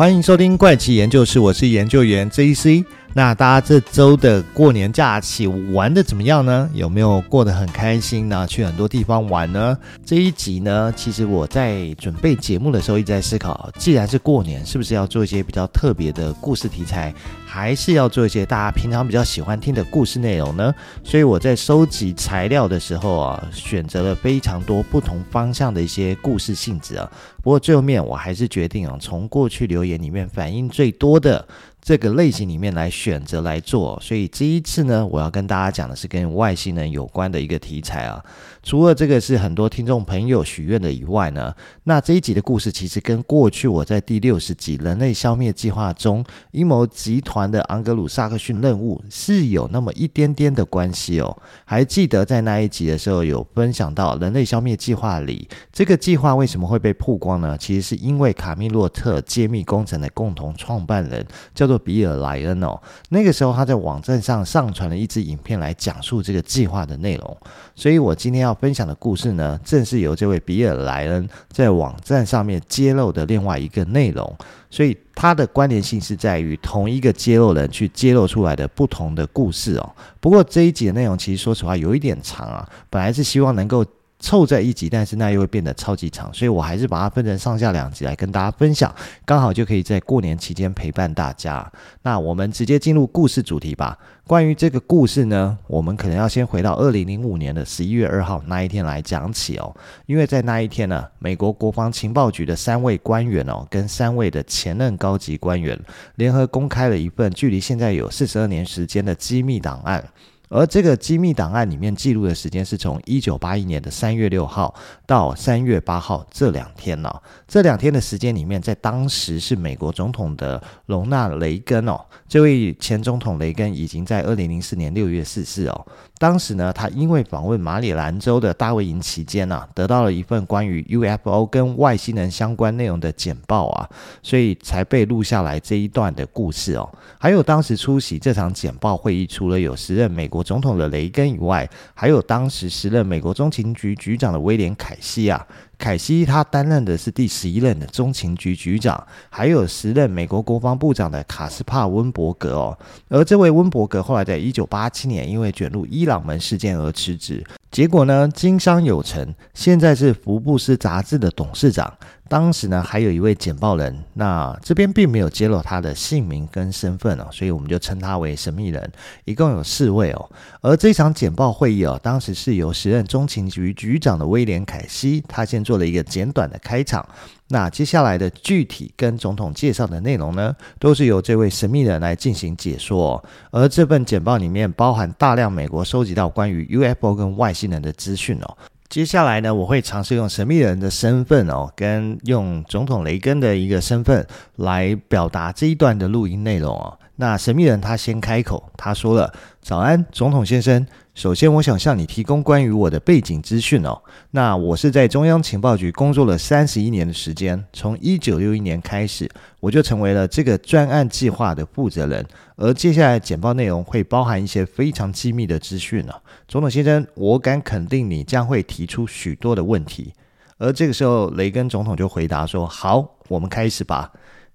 歡迎收聽怪奇研究室，我是研究員 JC。那大家這週的過年假期玩的怎麼樣呢？有沒有過得很開心呢？然後去很多地方玩呢？這一集呢，其實我在準備節目的時候一直在思考，既然是過年，是不是要做一些比較特別的故事題材？還是要做一些大家平常比較喜歡聽的故事內容呢，所以我在收集材料的時候啊，選擇了非常多不同方向的一些故事性質啊。不過最後面我還是決定啊，從過去留言裡面反應最多的這個類型裡面來選擇來做。所以這一次呢，我要跟大家講的是跟外星人有關的一個題材啊。除了這個是很多聽眾朋友許願的以外呢，那這一集的故事其實跟過去我在第六十集《人類消滅計劃》中陰謀集團。的盎格魯撒克遜任務是有那麼一點點的關係哦。還記得在那一集的時候有分享到人類消滅計劃裡，這個計劃為什麼會被曝光呢？其實是因為卡密洛特揭秘工程的共同創辦人叫做比爾萊恩哦。那個時候他在網站上上傳了一支影片來講述這個計劃的內容。所以我今天要分享的故事呢，正是由這位比爾萊恩在網站上面揭露的另外一個內容。所以它的關聯性是在於同一個揭露人去揭露出來的不同的故事哦。不過這一集的內容其實說實話有一點長啊，本來是希望能夠。湊在一起，但是那又會變得超級長，所以我還是把它分成上下兩集來跟大家分享，剛好就可以在過年期間陪伴大家。那我們直接進入故事主題吧。關於這個故事呢，我們可能要先回到二零零五年的十一月二號那一天來講起哦，因為在那一天呢，美國國防情報局的三位官員哦，跟三位的前任高級官員聯合公開了一份距離現在有四十二年時間的機密檔案。而這個機密檔案裡面記錄的時間是從一九八一年的三月六號到三月八號這兩天呢、哦，這兩天的時間裡面，在當時是美國總統的隆納雷根哦，這位前總統雷根已經在二零零四年六月逝世哦。當時呢，他因為訪問馬里蘭州的大衛營期間呢、啊，得到了一份關於 UFO 跟外星人相關內容的簡報啊，所以才被錄下來這一段的故事哦。還有當時出席這場簡報會議，除了有時任美國。總統的雷根以外，還有當時時任美國中情局局長的威廉·凱西啊，凱西他擔任的是第十一任的中情局局長，還有時任美國國防部長的卡斯帕·溫伯格哦，而這位溫伯格後來在一九八七年因為卷入伊朗門事件而辭職，結果呢，經商有成，現在是福布斯雜誌的董事長。當時呢，還有一位簡報人，那這邊並沒有揭露他的姓名跟身份哦，所以我們就稱他為神秘人。一共有四位哦，而這場簡報會議哦，當時是由時任中情局局長的威廉·凱西，他先做了一個簡短的開場。那接下來的具體跟總統介紹的內容呢，都是由這位神秘人來進行解說哦。而這份簡報裡面包含大量美國收集到關於 UFO 跟外星人的資訊哦。接下來呢，我會嘗試用神秘人的身份哦，跟用總統雷根的一個身份來表達這一段的錄音內容哦。那神秘人他先開口，他說了：“早安，總統先生。”首先，我想向你提供關於我的背景資訊哦。那我是在中央情報局工作了三十一年的時間，從一九六一年開始，我就成為了這個專案計劃的負責人。而接下來簡報內容會包含一些非常機密的資訊哦，總統先生，我敢肯定你將會提出許多的問題。而這個時候，雷根總統就回答說：“好，我們開始吧。”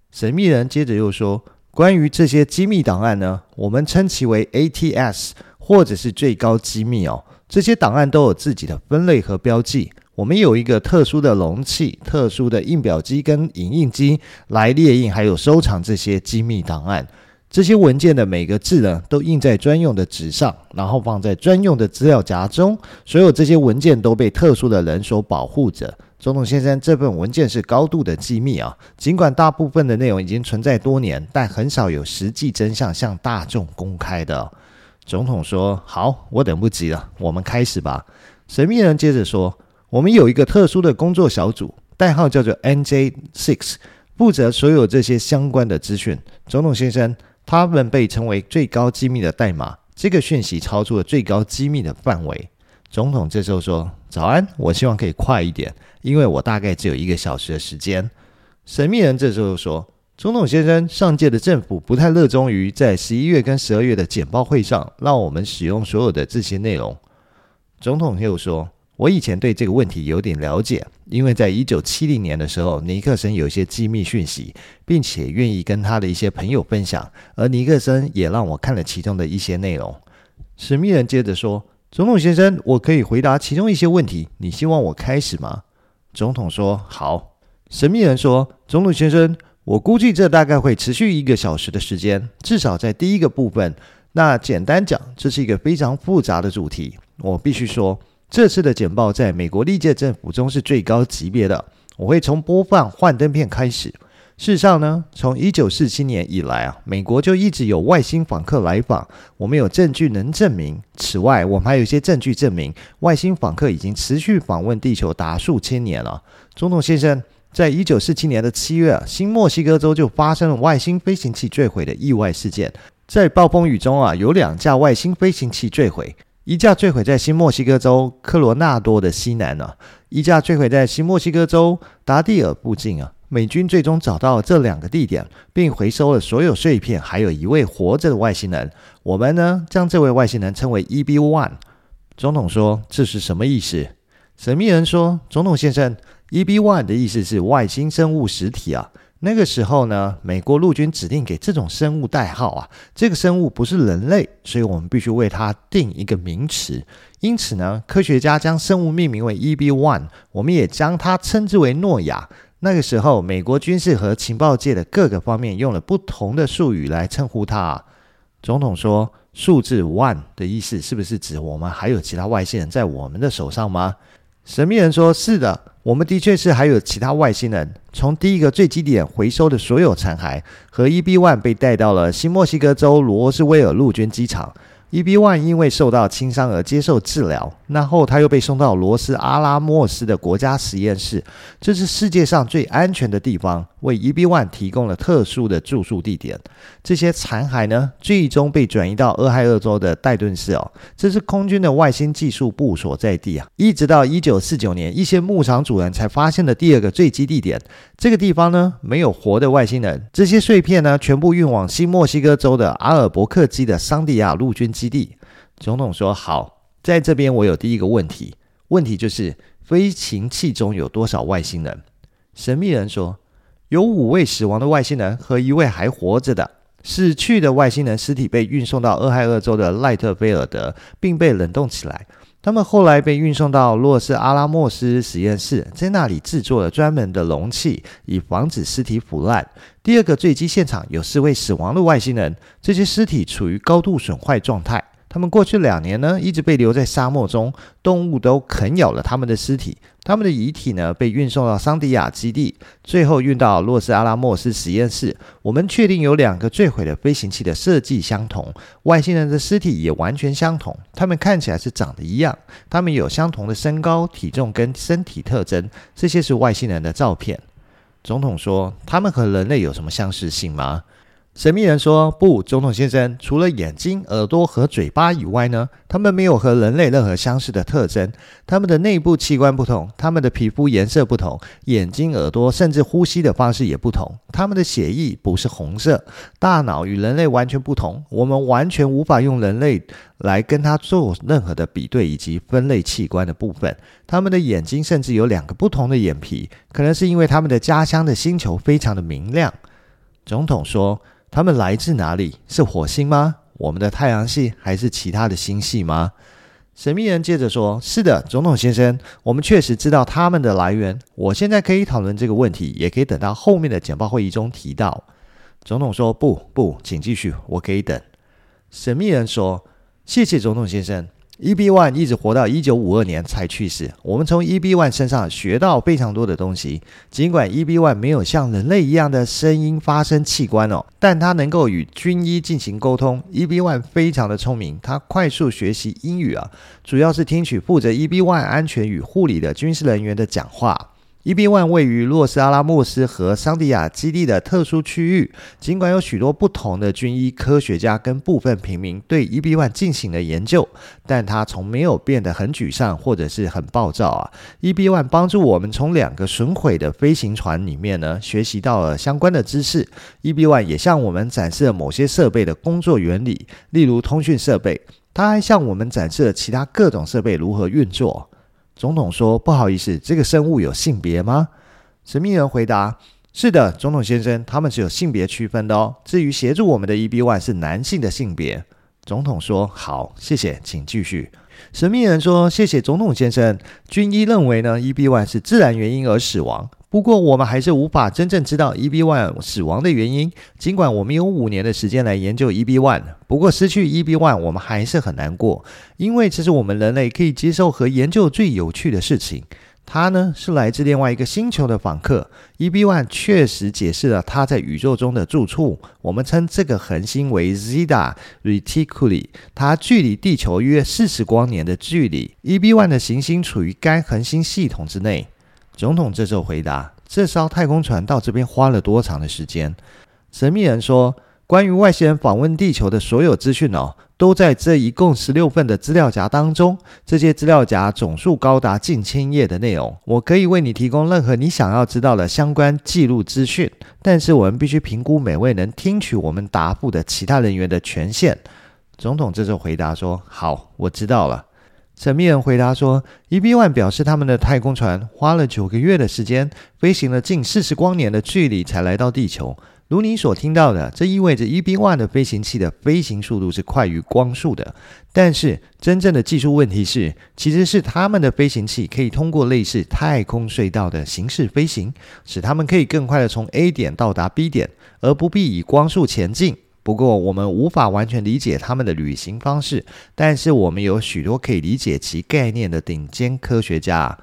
神秘人接着又說：“關於這些機密檔案呢，我們稱其為 ATS。”或者是最高機密哦，這些檔案都有自己的分類和標記。我們有一個特殊的容器、特殊的印表機跟影印機來列印，還有收藏這些機密檔案。這些文件的每個字呢，都印在專用的紙上，然後放在專用的資料夾中。所有這些文件都被特殊的人所保護着。總統先生，這份文件是高度的機密啊、哦。儘管大部分的內容已經存在多年，但很少有實際真相向大眾公開的、哦。總統說：“好，我等不及了，我們開始吧。”神秘人接着說：“我們有一個特殊的工作小組，代號叫做 NJ Six，負責所有這些相關的資訊。總統先生，他們被稱為最高機密的代碼。這個訊息超出了最高機密的範圍。”總統這時候說：“早安，我希望可以快一點，因為我大概只有一個小時的時間。”神秘人這時候說。總統先生，上屆的政府不太熱衷於在十一月跟十二月的簡報會上讓我們使用所有的這些內容。總統又說：“我以前對這個問題有點了解，因為在一九七零年的時候，尼克森有一些機密訊息，並且願意跟他的一些朋友分享。而尼克森也讓我看了其中的一些內容。”神秘人接着說：“總統先生，我可以回答其中一些問題。你希望我開始嗎？”總統說：“好。”神秘人說：“總統先生。”我估計這大概會持續一個小時的時間，至少在第一個部分。那簡單講，這是一個非常複雜的主題。我必須說，這次的簡報在美國歷屆政府中是最高級別的。我會從播放幻燈片開始。事實上呢，從一九四七年以來啊，美國就一直有外星訪客來訪。我們有證據能證明。此外，我們還有一些證據證明外星訪客已經持續訪問地球達數千年了，總統先生。在一九四七年的七月啊，新墨西哥州就發生了外星飛行器墜毀的意外事件。在暴風雨中啊，有兩架外星飛行器墜毀，一架墜毀在新墨西哥州科羅納多的西南啊，一架墜毀在新墨西哥州達蒂爾附近啊。美軍最終找到了這兩個地點，並回收了所有碎片，還有一位活着的外星人。我們呢，將這位外星人稱為 E.B. One。總統說：“這是什麼意思？”神秘人說：“總統先生。” E B One 的意思是外星生物實體啊。那個時候呢，美國陸軍指定給這種生物代號啊。這個生物不是人類，所以我們必須為它定一個名詞。因此呢，科學家將生物命名為 E B One，我們也將它稱之為諾亞。那個時候，美國軍事和情報界的各個方面用了不同的術語來稱呼它啊。總統說：“數字 One 的意思是不是指我們還有其他外星人在我們的手上嗎？”神秘人說：“是的。”我們的確是還有其他外星人，從第一個墜機點回收的所有殘骸和 EB One 被帶到了新墨西哥州羅斯威爾陸軍機場。EB One 因為受到輕傷而接受治療，那後他又被送到羅斯阿拉莫斯的國家實驗室，這是世界上最安全的地方。為 EB One 提供了特殊的住宿地點。這些殘骸呢，最終被轉移到俄亥俄州的戴頓市哦，這是空軍的外星技術部所在地啊。一直到一九四九年，一些牧場主人才發現了第二個墜機地點。這個地方呢，沒有活的外星人。這些碎片呢，全部運往新墨西哥州的阿爾伯克基的桑迪亞陸軍基地。總統說：“好，在這邊我有第一個問題，問題就是飛行器中有多少外星人？”神秘人說。有五位死亡的外星人和一位還活着的。死去的外星人屍體被運送到俄亥俄州的賴特菲爾德，並被冷凍起來。他們後來被運送到洛斯阿拉莫斯實驗室，在那裡制作了專門的容器，以防止屍體腐爛。第二個墜機現場有四位死亡的外星人，這些屍體處於高度損壞狀態。他們過去兩年呢，一直被留在沙漠中，動物都啃咬了他們的屍體。他們的遺體呢，被運送到桑迪亞基地，最後運到洛斯阿拉莫斯實驗室。我們確定有兩個墜毀的飛行器的設計相同，外星人的屍體也完全相同。他們看起來是長得一樣，他們有相同的身高、體重跟身體特徵。這些是外星人的照片。總統說，他們和人類有什麼相似性嗎？神秘人說：“不，總統先生，除了眼睛、耳朵和嘴巴以外呢，他們沒有和人類任何相似的特徵。他們的內部器官不同，他們的皮膚顏色不同，眼睛、耳朵甚至呼吸的方式也不同。他們的血液不是紅色，大腦與人類完全不同。我們完全無法用人類來跟他做任何的比對以及分類器官的部分。他們的眼睛甚至有兩個不同的眼皮，可能是因為他們的家鄉的星球非常的明亮。”總統說。他們來自哪裡？是火星嗎？我們的太陽系還是其他的星系嗎？神秘人接着說：“是的，總統先生，我們確實知道他們的來源。我現在可以討論這個問題，也可以等到後面的簡報會議中提到。”總統說：“不，不，請繼續，我可以等。”神秘人說：“謝謝，總統先生。” EB1 一直活到一九五二年，才去世。我們從 EB1 身上學到非常多的東西。儘管 EB1 沒有像人類一樣的聲音發聲器官哦，但它能夠與軍醫進行溝通。EB1 非常的聰明，它快速學習英語啊，主要是聽取負責 EB1 安全與護理的軍事人員的講話。EB1 位於洛斯阿拉莫斯和桑迪亞基地的特殊區域。儘管有許多不同的軍醫、科學家跟部分平民對 EB1 進行了研究，但它從沒有變得很沮喪或者是很暴躁啊。EB1 幫助我們從兩個損毀的飛行船裡面呢，學習到了相關的知識。EB1 也向我們展示了某些設備的工作原理，例如通訊設備。它還向我們展示了其他各種設備如何運作。總統說：“不好意思，這個生物有性別嗎？”神秘人回答：“是的，總統先生，他們是有性別區分的哦。至於協助我們的 E B One 是男性的性別。”總統說：“好，謝謝，請繼續。”神秘人說：“謝謝總統先生，軍醫認為呢，E B One 是自然原因而死亡。”不過，我們還是無法真正知道 EB1 死亡的原因。儘管我們有五年的時間來研究 EB1，不過失去 EB1，我們還是很難過。因為這是我們人類可以接受和研究最有趣的事情。它呢，是來自另外一個星球的訪客。EB1 確實解釋了它在宇宙中的住處。我們稱這個恆星為 Zeta Reticuli。它距離地球約四十光年的距離。EB1 的行星處於該恆星系統之內。總統這時候回答：“這艘太空船到這邊花了多長的時間？”神祕人說：“關於外星人訪問地球的所有資訊哦，都在這一共十六份的資料夾當中。這些資料夾總數高達近千頁的內容，我可以為你提供任何你想要知道的相關記錄資訊。但是我們必須評估每位能聽取我們答覆的其他人員的權限。”總統這時候回答說：“好，我知道了。”神秘人回答說：“E. B. One 表示他們的太空船花了九個月的時間，飛行了近四十光年的距離才來到地球。如你所聽到的，這意味着 E. B. One 的飛行器的飛行速度是快於光速的。但是，真正的技術問題是，其實是他們的飛行器可以通過類似太空隧道的形式飛行，使他們可以更快地從 A 點到達 B 點，而不必以光速前進。”不過，我們無法完全理解他們的旅行方式，但是我們有許多可以理解其概念的頂尖科學家。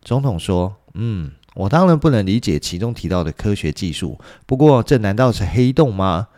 總統說：“嗯，我當然不能理解其中提到的科學技術。不過，這難道是黑洞嗎？”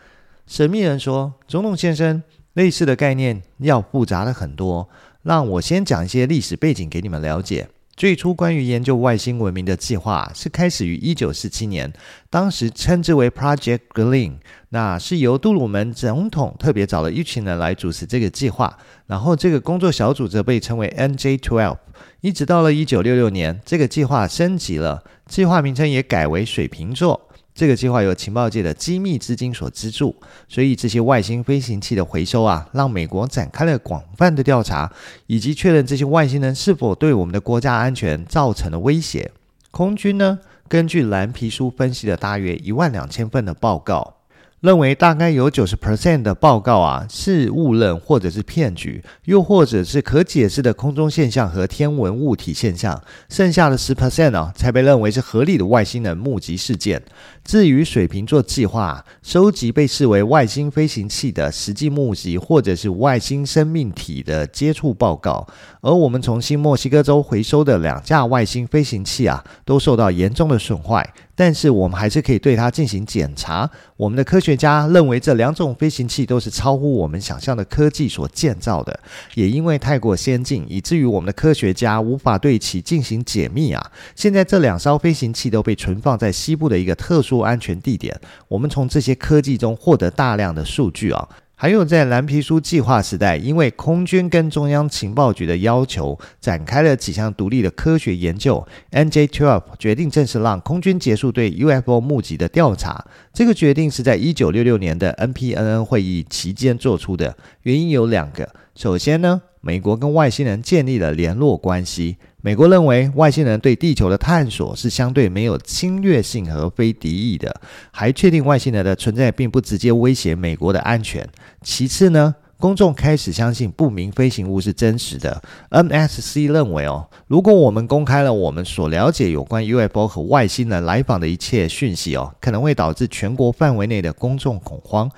神秘人說：“總統先生，類似的概念要複雜的很多，讓我先講一些歷史背景給你們了解。”最初關於研究外星文明的計劃是開始於1947年，當時稱之為 Project Gleem，那是由杜魯門總統特別找了一群人來主持這個計劃，然後這個工作小組則被稱為 MJ-12。一直到了1966年，這個計劃升級了，計劃名稱也改為水瓶座。這個計劃由情報界的機密資金所資助，所以這些外星飛行器的回收啊，讓美國展開了廣泛的調查，以及確認這些外星人是否對我們的國家安全造成了威脅。空軍呢，根據藍皮書分析了大約一萬兩千份的報告，認為大概有九十 percent 的報告啊，是誤認或者是騙局，又或者是可解釋的空中現象和天文物體現象，剩下的十 percent 啊，才被認為是合理的外星人目擊事件。至於水瓶座計劃收集被視為外星飛行器的實際目擊，或者是外星生命體的接觸報告。而我們從新墨西哥州回收的兩架外星飛行器啊，都受到嚴重的損壞，但是我們還是可以對它進行檢查。我們的科學家認為這兩種飛行器都是超乎我們想象的科技所建造的，也因為太過先進，以至於我們的科學家無法對其進行解密啊。現在這兩艘飛行器都被存放在西部的一個特殊不安全地點，我們從這些科技中獲得大量的數據啊。還有在藍皮書計劃時代，因為空軍跟中央情報局的要求，展開了幾項獨立的科學研究。N J Twelve 決定正式讓空軍結束對 UFO 募集的調查。這個決定是在一九六六年的 N P N N 會議期間做出的。原因有兩個：首先呢，美國跟外星人建立了聯絡關係。美國認為外星人對地球的探索是相對沒有侵略性和非敵意的，還確定外星人的存在並不直接威脅美國的安全。其次呢，公眾開始相信不明飛行物是真實的。NSC 認為哦，如果我們公開了我們所了解有關 UFO 和外星人來訪的一切訊息哦，可能會導致全國範圍內的公眾恐慌。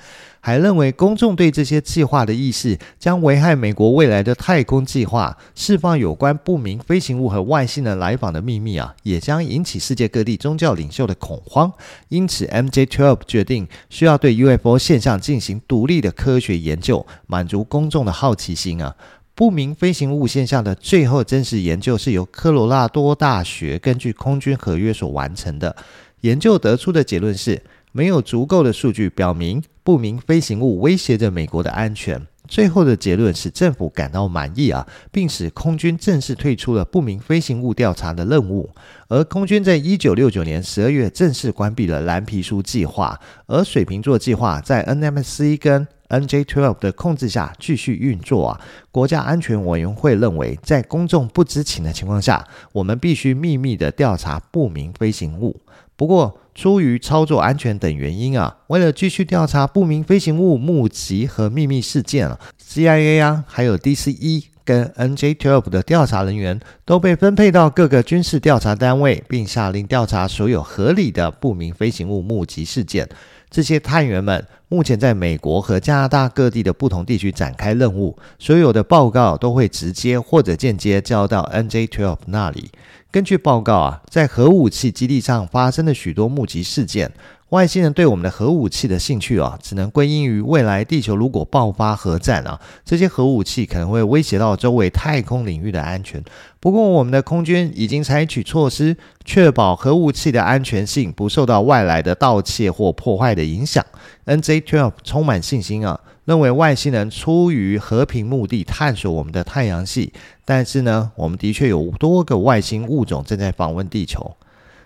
還認為，公眾對這些計劃的意識將危害美國未來的太空計劃，釋放有關不明飛行物和外星人來訪的秘密啊，也將引起世界各地宗教領袖的恐慌。因此，MJ-12 決定需要對 UFO 現象進行獨立的科學研究，滿足公眾的好奇心啊。不明飛行物現象的最後真實研究是由科羅拉多大學根據空軍合約所完成的。研究得出的結論是沒有足夠的數據表明。不明飛行物威脅着美國的安全，最後的結論使政府感到滿意啊，並使空軍正式退出了不明飛行物調查的任務。而空軍在一九六九年十二月正式關閉了藍皮書計劃，而水瓶座計劃在 NMC 跟 MJ-12 的控制下繼續運作啊。國家安全委員會認為，在公眾不知情的情況下，我們必須秘密地調查不明飛行物。不過，出於操作安全等原因啊，為了繼續調查不明飛行物目擊和秘密事件啊，CIA 啊，還有 DCE，跟 MJ-12 的調查人員都被分配到各個軍事調查單位，並下令調查所有合理的不明飛行物目擊事件。這些探員們目前在美國和加拿大各地的不同地區展開任務，所有的報告都會直接或者間接交到 MJ-12 那裡。根據報告啊，在核武器基地上發生的許多目擊事件。外星人對我們的核武器的興趣啊，只能歸因於未來地球如果爆發核戰啊，這些核武器可能會威脅到周圍太空領域的安全。不過，我們的空軍已經採取措施，確保核武器的安全性不受到外來的盜竊或破壞的影響。NJ-12 充滿信心啊，認為外星人出於和平目的探索我們的太陽系。但是呢，我們的確有多個外星物種正在訪問地球。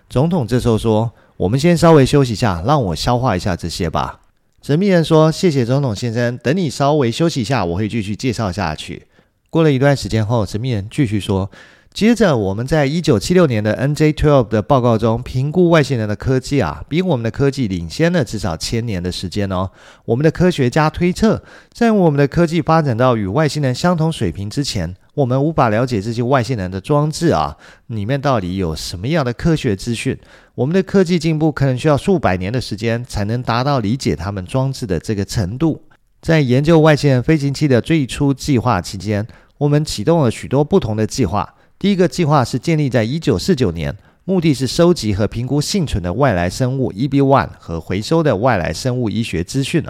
總統這時候說。我們先稍微休息一下，讓我消化一下這些吧。神秘人說：“謝謝總統先生，等你稍微休息一下，我會繼續介紹下去。”過了一段時間後，神秘人繼續說：“接着，我們在一九七六年的 N J twelve 的報告中評估外星人的科技啊，比我們的科技領先了至少千年的時間哦。我們的科學家推測，在我們的科技發展到與外星人相同水平之前。”我們無法了解這些外星人的裝置啊，裡面到底有什麼樣的科學資訊？我們的科技進步可能需要數百年的時間才能達到理解他們裝置的這個程度。在研究外星人飛行器的最初計劃期間，我們啟動了許多不同的計劃。第一個計劃是建立在1949年，目的是收集和評估幸存的外來生物 E B One 和回收的外來生物醫學資訊。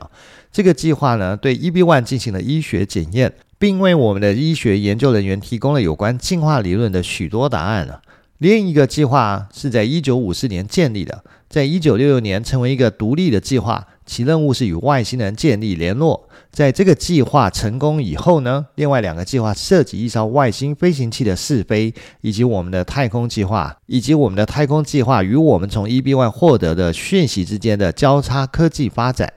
這個計劃呢，對 E B One 進行了醫學檢驗。並為我們的醫學研究人員提供了有關進化理論的許多答案。另一個計劃是在1954年建立的，在1966年成為一個獨立的計劃，其任務是與外星人建立聯絡。在這個計劃成功以後呢，另外兩個計劃涉及一艘外星飛行器的試飛，以及我們的太空計劃，以及我們的太空計劃與我們從 E.B.Y. 獲得的訊息之間的交叉科技發展。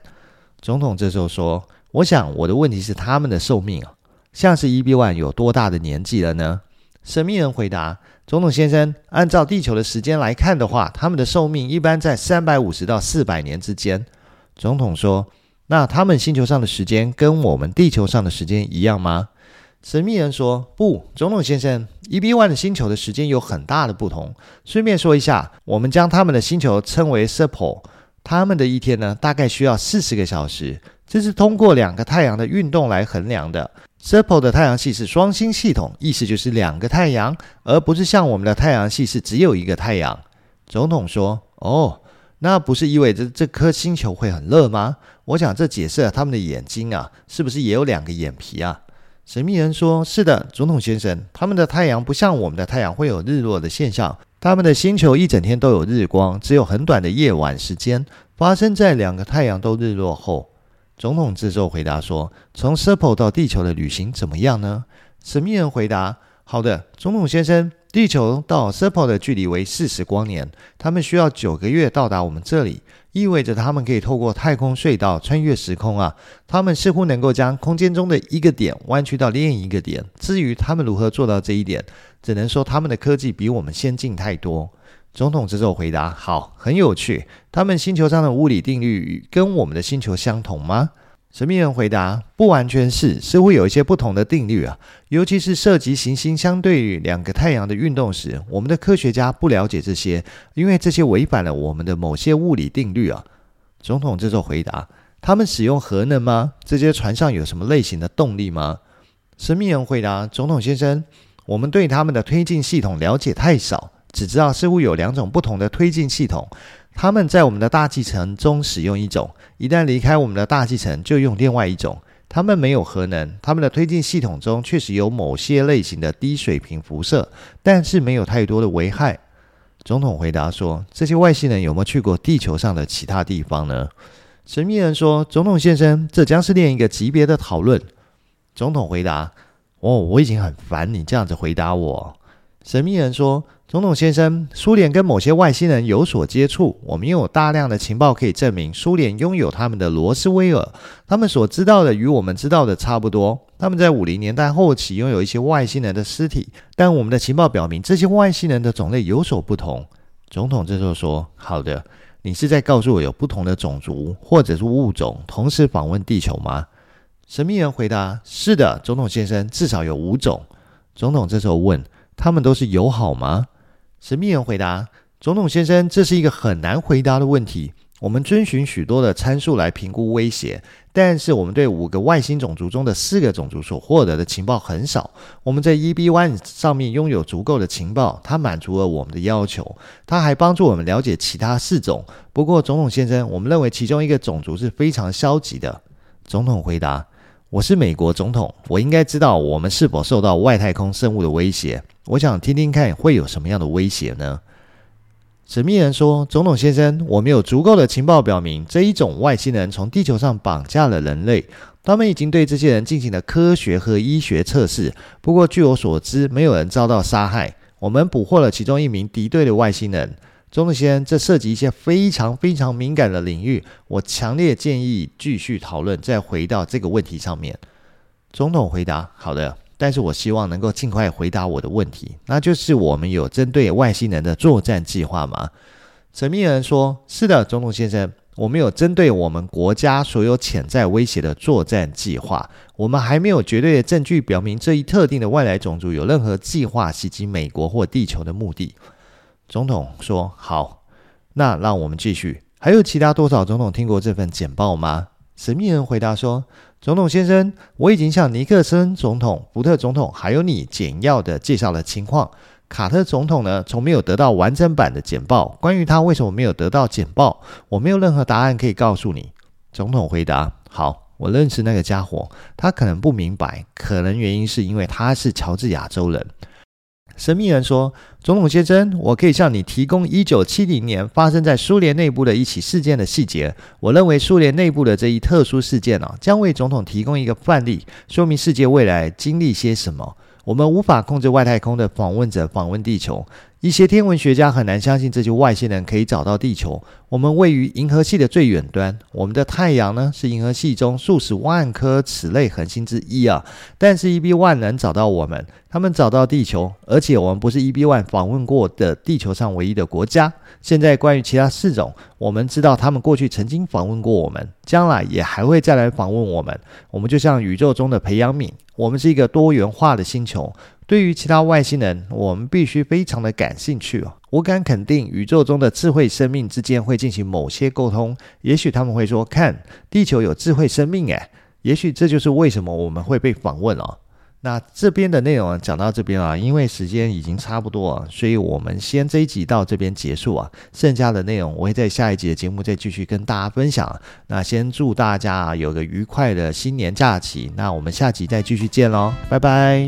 總統這時候說：“我想我的問題是他們的壽命啊。”像是 EB One 有多大的年紀了呢？神秘人回答：“總統先生，按照地球的時間來看的話，他們的壽命一般在三百五十到四百年之間。”總統說：“那他們星球上的時間跟我們地球上的時間一樣嗎？”神秘人說：“不，總統先生，EB One 的星球的時間有很大的不同。順便說一下，我們將他們的星球稱為 Serpo，他們的一天呢，大概需要四十個小時，這是通過兩個太陽的運動來衡量的。” Serpo 的太陽系是雙星系統，意思就是兩個太陽，而不是像我們的太陽系是只有一個太陽。總統說：“哦，那不是意味着這顆星球會很熱嗎？”我想這解釋了他們的眼睛啊，是不是也有兩個眼皮啊？神秘人說：“是的，總統先生，他們的太陽不像我們的太陽會有日落的現象，他們的星球一整天都有日光，只有很短的夜晚時間，發生在兩個太陽都日落後。”總統之後回答說：“從 Serpo 到地球的旅行怎麼樣呢？”神秘人回答：“好的，總統先生，地球到 Serpo 的距離為四十光年，他們需要九個月到達我們這裡，意味着他們可以透過太空隧道穿越時空啊！他們似乎能夠將空間中的一個點彎曲到另一個點。至於他們如何做到這一點，只能說他們的科技比我們先進太多。”總統這時候回答：“好，很有趣。他們星球上的物理定律跟我們的星球相同嗎？”神秘人回答：“不完全是，似乎有一些不同的定律啊。尤其是涉及行星相對於兩個太陽的運動時，我們的科學家不了解這些，因為這些違反了我們的某些物理定律啊。”總統這時候回答：“他們使用核能嗎？這些船上有什麼類型的動力嗎？”神秘人回答：“總統先生，我們對他們的推進系統了解太少。”只知道似乎有兩種不同的推進系統，他們在我們的大氣層中使用一種，一旦離開我們的大氣層就用另外一種。他們沒有核能，他們的推進系統中確實有某些類型的低水平輻射，但是沒有太多的危害。總統回答說：“這些外星人有沒有去過地球上的其他地方呢？”神秘人說：“總統先生，這將是另一個級別的討論。”總統回答：“哦，我已經很煩你這樣子回答我。”神秘人說：“總統先生，蘇聯跟某些外星人有所接觸。我們擁有大量的情報可以證明，蘇聯擁有他們的羅斯威爾。他們所知道的與我們知道的差不多。他們在五零年代後期擁有一些外星人的屍體，但我們的情報表明，這些外星人的種類有所不同。”總統這時候說：“好的，你是在告訴我有不同的種族或者是物種同時訪問地球嗎？”神秘人回答：“是的，總統先生，至少有五種。”總統這時候問，他們都是友好嗎？神秘人回答：“總統先生，這是一個很難回答的問題。我們遵循許多的參數來評估威脅，但是我們對五個外星種族中的四個種族所獲得的情報很少。我們在 EB One 上面擁有足夠的情報，它滿足了我們的要求，它還幫助我們了解其他四種。不過，總統先生，我們認為其中一個種族是非常消極的。”總統回答，我是美國總統，我應該知道我們是否受到外太空生物的威脅。我想聽聽看會有什麼樣的威脅呢？神秘人說：“總統先生，我們有足夠的情報表明這一種外星人從地球上綁架了人類，他們已經對這些人進行了科學和醫學測試。不過據我所知，沒有人遭到殺害。我們捕獲了其中一名敵對的外星人。”總統先生，這涉及一些非常非常敏感的領域，我強烈建議繼續討論，再回到這個問題上面。總統回答：“好的，但是我希望能夠儘快回答我的問題，那就是我們有針對外星人的作戰計劃嗎？”神秘人說：“是的，總統先生，我們有針對我們國家所有潛在威脅的作戰計劃。我們還沒有絕對的證據表明這一特定的外來種族有任何計劃襲擊美國或地球的目的。”總統說：“好，那讓我們繼續。還有其他多少總統聽過這份簡報嗎？”神秘人回答說：“總統先生，我已經向尼克森總統、福特總統，還有你簡要的介紹了情況。卡特總統呢，從沒有得到完整版的簡報。關於他為什麼沒有得到簡報，我沒有任何答案可以告訴你。”總統回答：“好，我認識那個家伙，他可能不明白，可能原因是因為他是喬治亞州人。”神秘人說：“總統先生，我可以向你提供1970年發生在蘇聯內部的一起事件的細節。我認為蘇聯內部的這一特殊事件呢、啊，將為總統提供一個範例，說明世界未來經歷些什麼。我們無法控制外太空的訪問者訪問地球。”一些天文學家很難相信這些外星人可以找到地球。我們位於銀河系的最遠端，我們的太陽呢是銀河系中數十萬顆此類恆星之一啊。但是 EB One 能找到我們，他們找到地球，而且我們不是 EB One 訪問過的地球上唯一的國家。現在關於其他四種，我們知道他們過去曾經訪問過我們，將來也還會再來訪問我們。我們就像宇宙中的培養皿，我們是一個多元化的星球。對於其他外星人，我們必須非常的感興趣哦。我敢肯定，宇宙中的智慧生命之間會進行某些溝通。也許他們會說：“看，地球有智慧生命。”誒，也許這就是為什麼我們會被訪問哦。那這邊的內容講到這邊啊，因為時間已經差不多，所以我們先這一集到這邊結束啊。剩下的內容我會在下一集的節目再繼續跟大家分享。那先祝大家啊有個愉快的新年假期。那我們下集再繼續見嘍，拜拜。